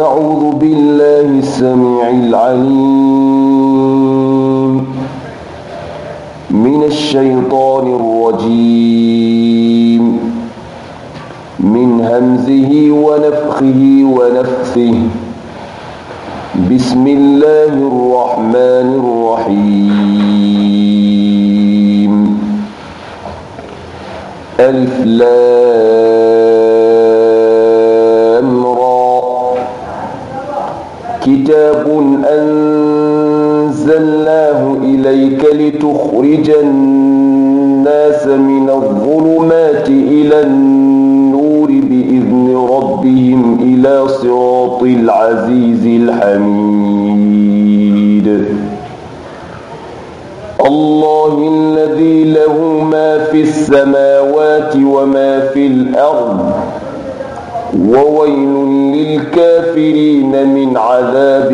أعوذ بالله السميع العليم من الشيطان الرجيم من همزه ونفخه ونفثه بسم الله الرحمن الرحيم ألف لام كتاب أنزلناه إليك لتخرج الناس من الظلمات إلى النور بإذن ربهم إلى صراط العزيز الحميد الله الذي له ما في السماوات وما في الأرض وويل للكافرين من عذاب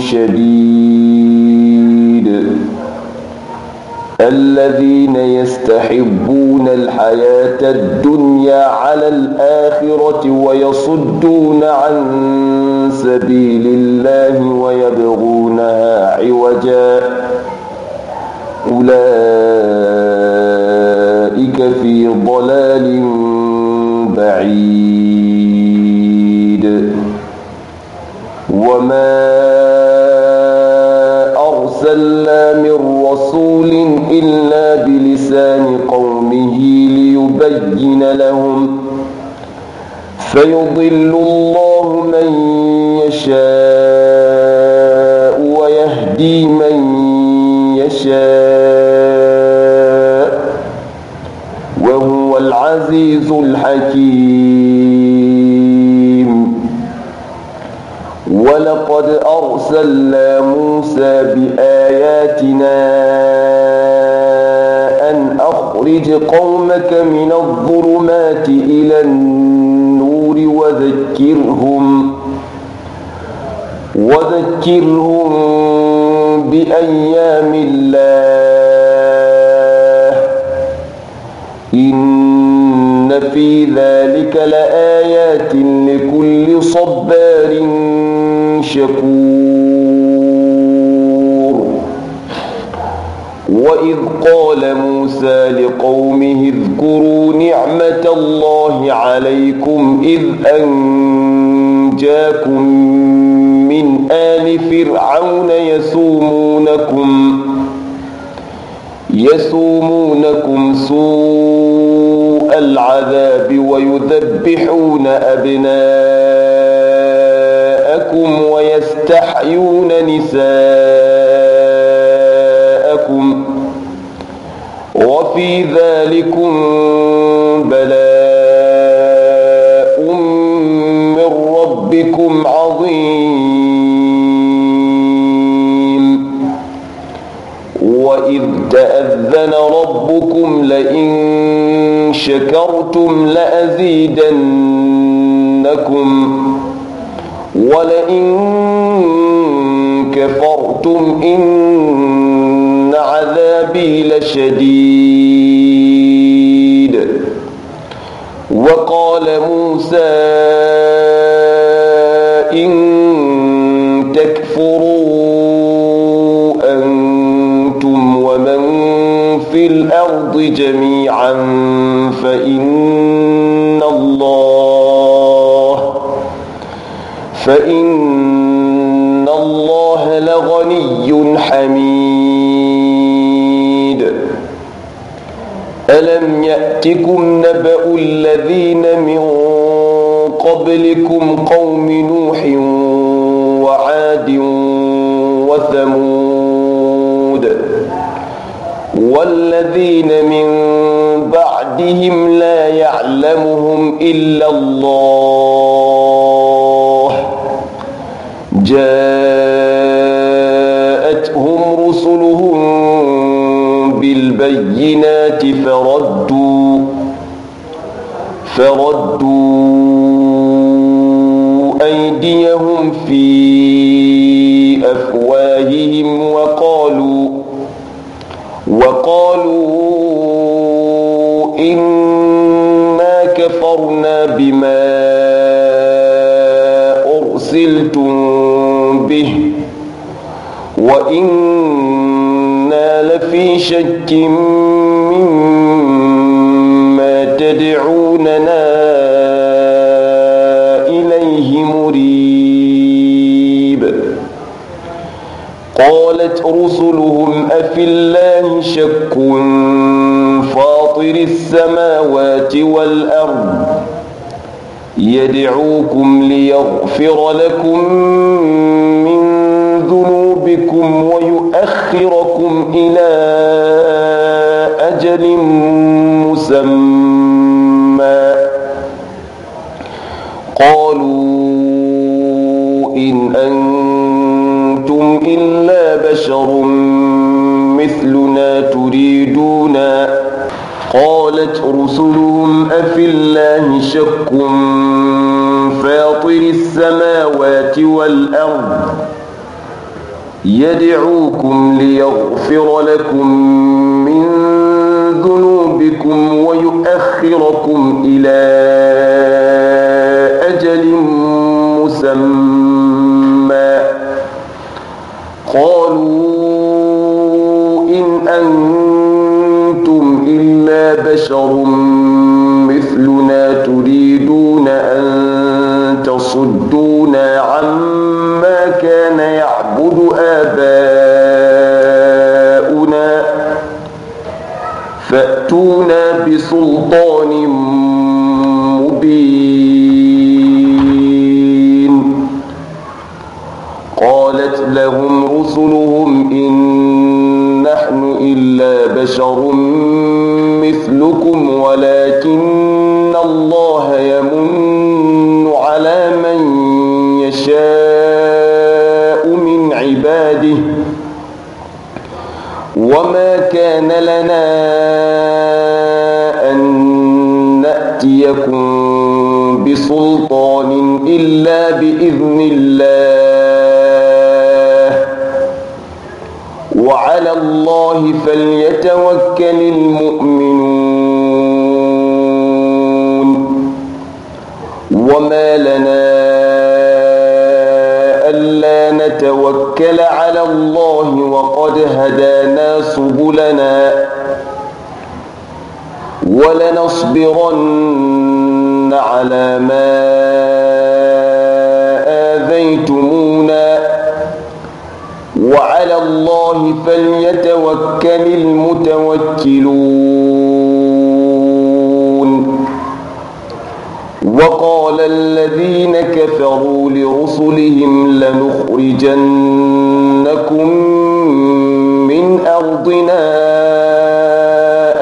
شديد الذين يستحبون الحياة الدنيا على الآخرة ويصدون عن سبيل الله ويبغونها عوجا أولئك في ضلال بعيد فيضل الله من يشاء ويهدي من يشاء وهو العزيز الحكيم ولقد أرسلنا موسى بآياتنا أن أخرج قومك من وذكرهم وذكرهم بأيام الله إن في ذلك لآيات لكل صبار شكور وإذ قال موسى لقومه اذكروا نعمة الله عليكم إذ أنجاكم من آل فرعون يسومونكم يسومونكم سوء العذاب ويذبحون أبناءكم ويستحيون نساءكم في ذلكم بلاء من ربكم عظيم وإذ تأذن ربكم لئن شكرتم لأزيدنكم ولئن كفرتم إن عذابي لشديد وقال موسى إن تكفروا أنتم ومن في الأرض جميعا فإن الله فإن يأتكم نبأ الذين من قبلكم قوم نوح وعاد وثمود والذين من بعدهم لا يعلمهم إلا الله فرد قالت رسلهم أفي الله شك فاطر السماوات والأرض يدعوكم ليغفر لكم من ذنوبكم ويؤخركم إلى أجل مسمى قالوا بشر مثلنا تريدون قالت رسلهم أفي الله شك فاطر السماوات والأرض يدعوكم ليغفر لكم من ذنوبكم ويؤخركم إلى أجل مسمى قالوا إن أنتم إلا بشر مثلنا تريدون أن تصدونا عما كان يعبد آباؤنا فأتونا بسلطان مبين وما لنا ألا نتوكل على الله وقد هدانا سبلنا ولنصبرن على ما آذيتمونا وعلى الله فليتوكل المتوكلون قال الذين كفروا لرسلهم لنخرجنكم من أرضنا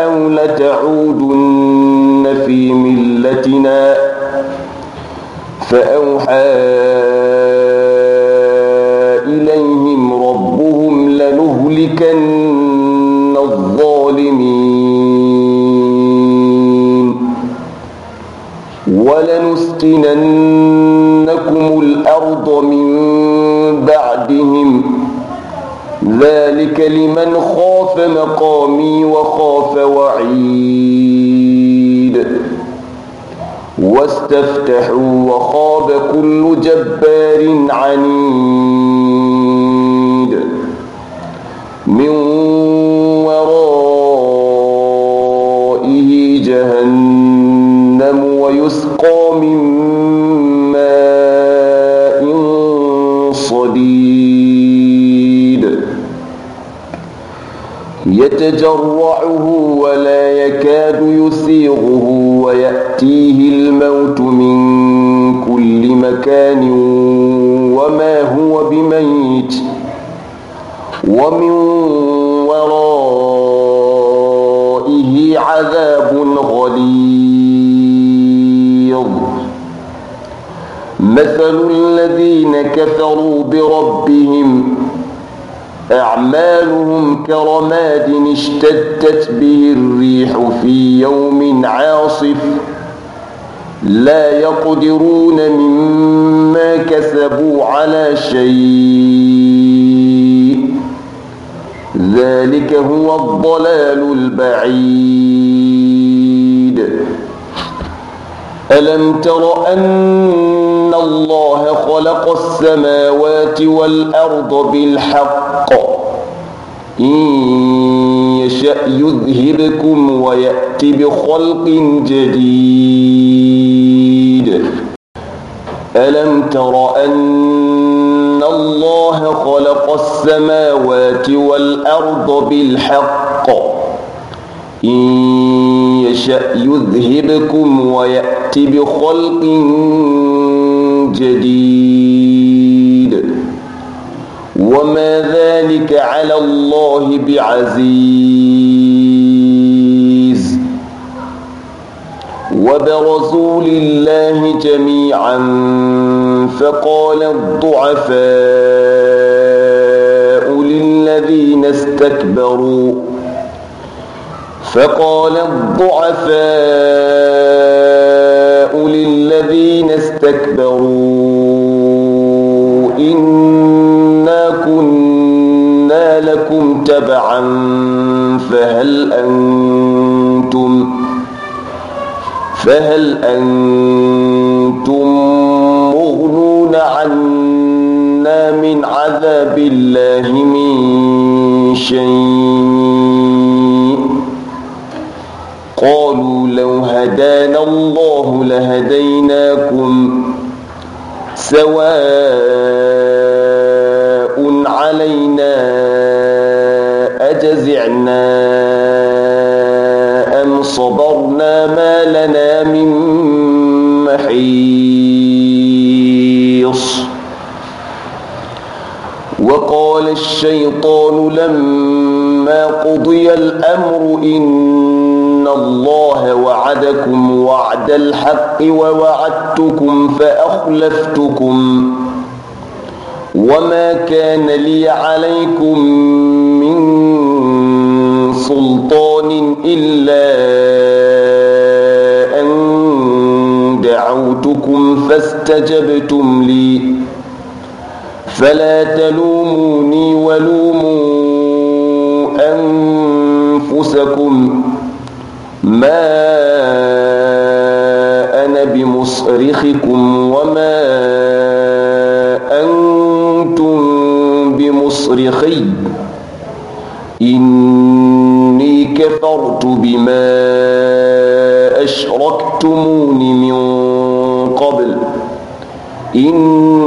أو لتعودن في ملتنا فأوحى لنسكننكم الأرض من بعدهم ذلك لمن خاف مقامي وخاف وعيد واستفتحوا وخاب كل جبار عنيد يتجرعه ولا يكاد يسيغه ويأتيه الموت من كل مكان وما هو بميت ومن ورائه عذاب غليظ مثل اشتدت به الريح في يوم عاصف لا يقدرون مما كسبوا على شيء ذلك هو الضلال البعيد ألم تر أن الله خلق السماوات والأرض بالحق إن يشأ يذهبكم ويأتي بخلق جديد ألم تر أن الله خلق السماوات والأرض بالحق إن يشأ يذهبكم ويأتي بخلق جديد وما ذلك على الله بعزيز وبرزوا لله جميعا فقال الضعفاء للذين استكبروا فقال الضعفاء للذين استكبروا إن لكم تبعا فهل أنتم فهل أنتم مغنون عنا من عذاب الله من شيء قالوا لو هدانا الله لهديناكم سواء علينا سمعنا أم صبرنا ما لنا من محيص وقال الشيطان لما قضي الأمر إن الله وعدكم وعد الحق ووعدتكم فأخلفتكم وما كان لي عليكم من سلطان إلا أن دعوتكم فاستجبتم لي فلا تلوموني ولوموا أنفسكم ما أنا بمصرخكم وما أنتم بمصرخي إني كفرت بما أشركتمون من قبل إني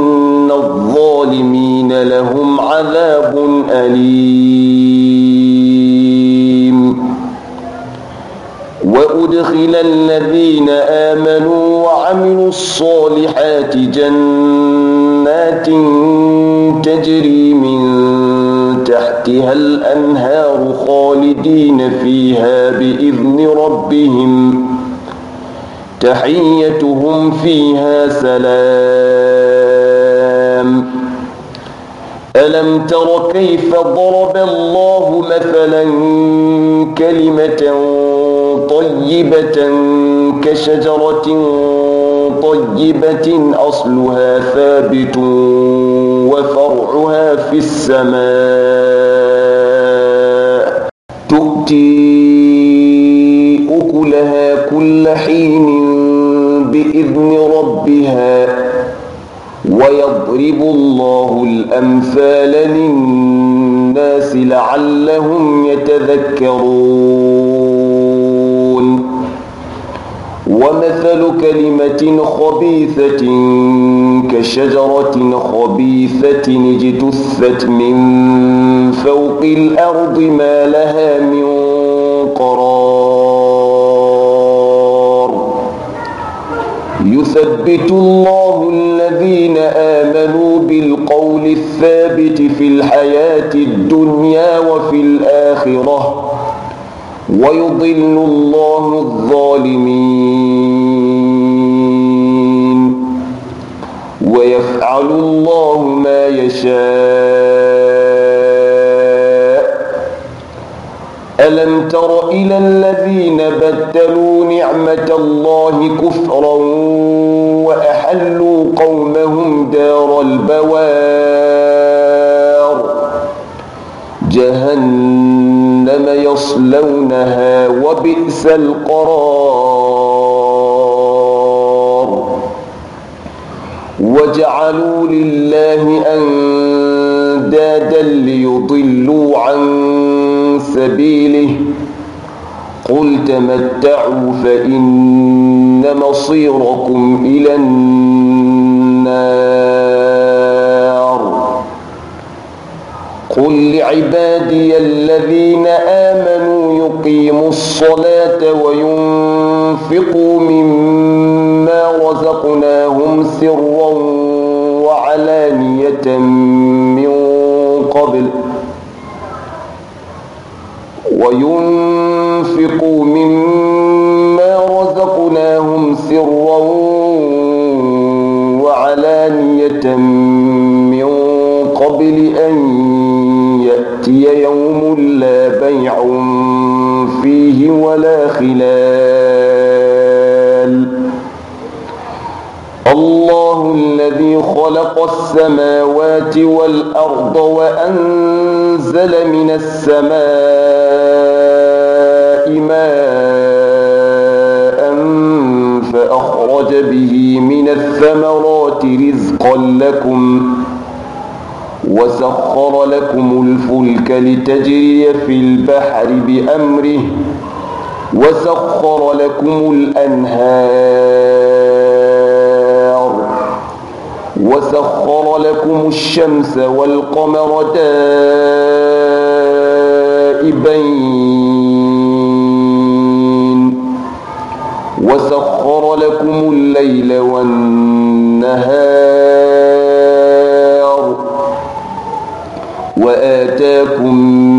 تحيتهم فيها سلام ألم تر كيف ضرب الله مثلا كلمة طيبة كشجرة طيبة أصلها ثابت وفرعها في السماء تؤتي يضرب الله الأمثال للناس لعلهم يتذكرون ومثل كلمة خبيثة كشجرة خبيثة اجتثت من فوق الأرض ما لها من قرار يثبت الله الذين آمنوا القول الثابت في الحياة الدنيا وفي الآخرة ويضل الله الظالمين ويفعل الله ما يشاء ألم تر إلى الذين بدلوا نعمة الله كفرا وأحلوا قومهم دار البوار جهنم يصلونها وبئس القرار وجعلوا لله أندادا ليضلوا عن سبيله قل تمتعوا فإن مصيركم إلى النار قل لعبادي الذين آمنوا يقيموا الصلاة وينفقوا مما رزقناهم سرا وعلانية من قبل وينفقوا مما السماوات والأرض وأنزل من السماء ماء فأخرج به من الثمرات رزقا لكم وسخر لكم الفلك لتجري في البحر بأمره وسخر لكم الأنهار وسخر لكم الشمس والقمر دائبين وسخر لكم الليل والنهار وآتاكم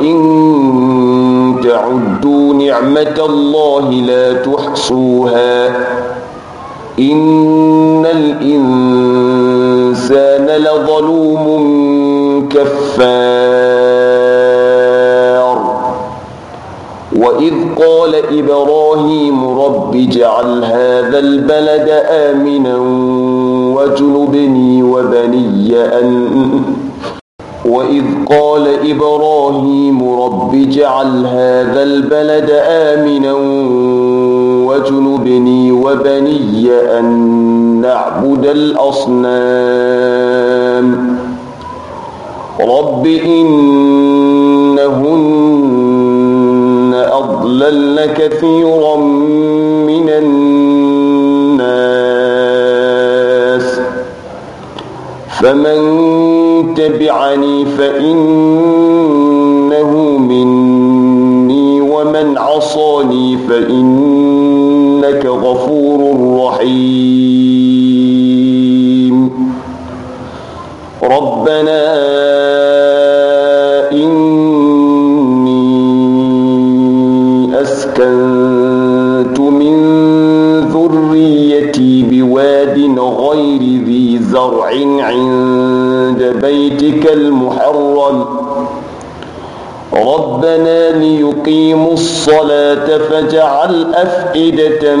وإن تعدوا نعمة الله لا تحصوها إن الإنسان لظلوم كفار وإذ قال إبراهيم رب اجعل هذا البلد آمنا وَاجْنُبْنِي وبني أن وإذ قال إبراهيم رب جعل هذا البلد آمنا وجنبني وبني أن نعبد الأصنام رب إنهن أضللن كثيرا من الناس فمن تبعني فإنه مني ومن عصاني فإنه يقيموا الصلاة فاجعل أفئدة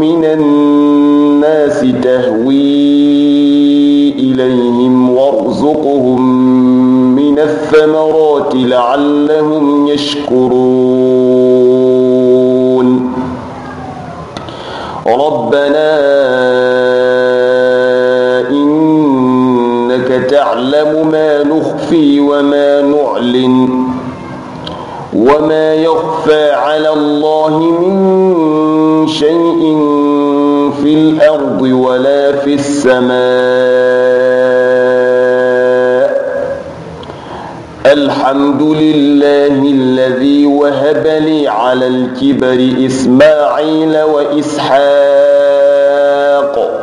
من الناس تهوي إليهم وارزقهم من الثمرات لعلهم يشكرون ربنا إنك تعلم ما نخفي وما نعلن وما يخفى على الله من شيء في الأرض ولا في السماء الحمد لله الذي وهب لي على الكبر إسماعيل وإسحاق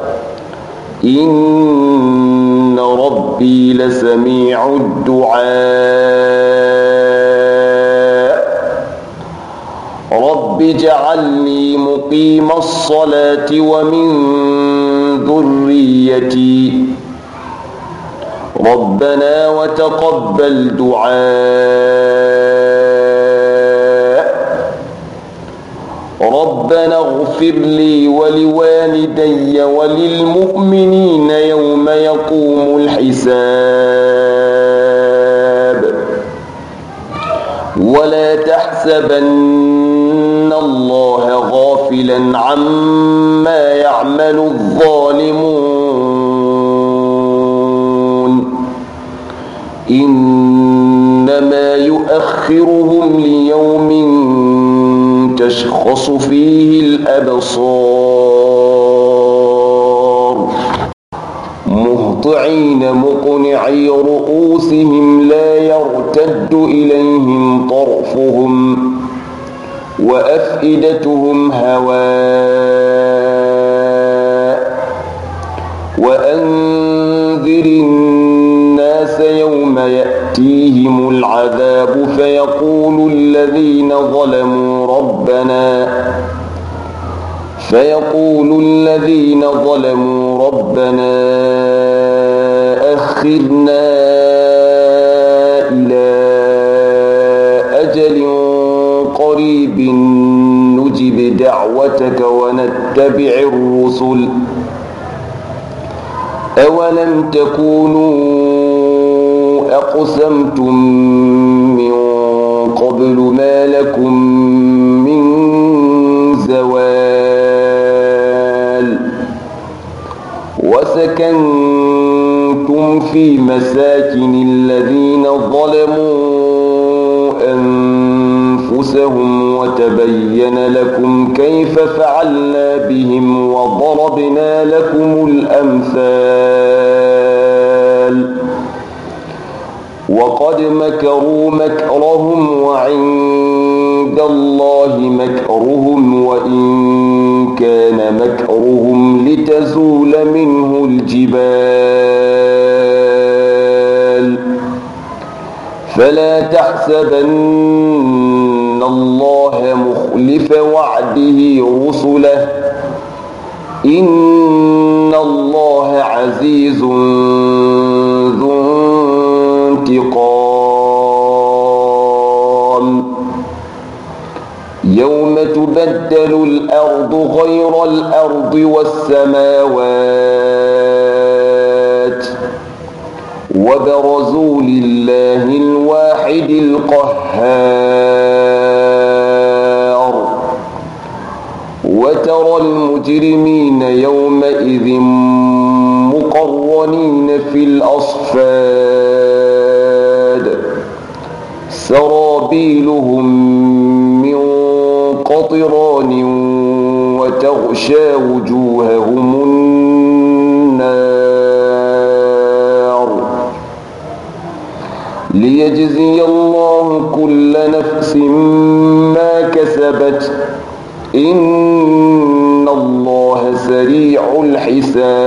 إن ربي لسميع الدعاء رب اجعلني مقيم الصلاة ومن ذريتي ربنا وتقبل دعاء ربنا اغفر لي ولوالدي وللمؤمنين يوم يقوم الحساب ولا تحسبن الله غافلا عما يعمل الظالمون إنما يؤخرهم ليوم تشخص فيه الأبصار خاشعين مقنعي رؤوسهم لا يرتد إليهم طرفهم وأفئدتهم هواء وأنذر الناس يوم يأتيهم العذاب فيقول الذين ظلموا ربنا فيقول الذين ظلموا ربنا أخذنا إلى أجل قريب نجب دعوتك ونتبع الرسل أولم تكونوا أقسمتم من قبل ما لكم من زوال وسكنتم في مساكن الذين ظلموا أنفسهم وتبين لكم كيف فعلنا بهم وضربنا لكم الأمثال وقد مكروا مكرهم وعند الله مكرهم وإن كان مكرهم لتزول منه الجبال فلا تحسبن الله مخلف وعده رسله إن الله عزيز يوم تبدل الأرض غير الأرض والسماوات وبرزوا لله الواحد القهار وترى المجرمين يومئذ مقرنين في الأصفاد سرابيلهم قران وتغشى وجوههم النار ليجزي الله كل نفس ما كسبت إن الله سريع الحساب